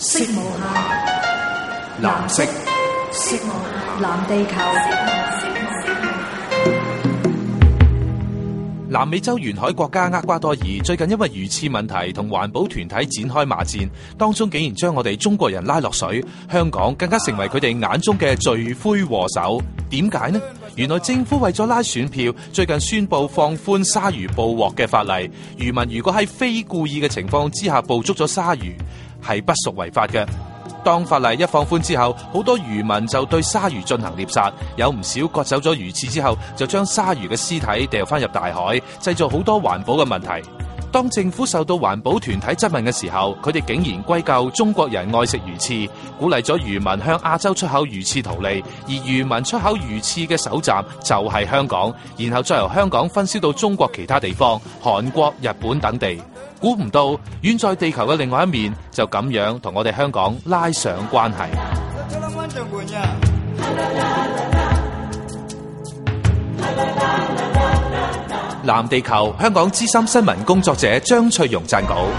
色無下，藍色，色無下藍地球，南美洲沿海國家厄瓜多爾最近因為魚翅問題同環保團體展開罵戰，當中竟然將我哋中國人拉落水，香港更加成為佢哋眼中嘅罪魁禍首。點解呢？原來政府為咗拉選票，最近宣布放寬鯊魚捕獲嘅法例，漁民如果喺非故意嘅情況之下捕捉咗鯊魚。係不屬違法嘅。當法例一放寬之後，好多漁民就對鯊魚進行獵殺，有唔少割走咗魚翅之後，就將鯊魚嘅屍體掉翻入大海，製造好多環保嘅問題。當政府受到環保團體質問嘅時候，佢哋竟然歸咎中國人愛食魚翅，鼓勵咗漁民向亞洲出口魚翅圖利。而漁民出口魚翅嘅首站就係香港，然後再由香港分銷到中國其他地方、韓國、日本等地。估唔到，遠在地球嘅另外一面就咁樣同我哋香港拉上關係。藍地球香港資深新聞工作者張翠容撰稿物。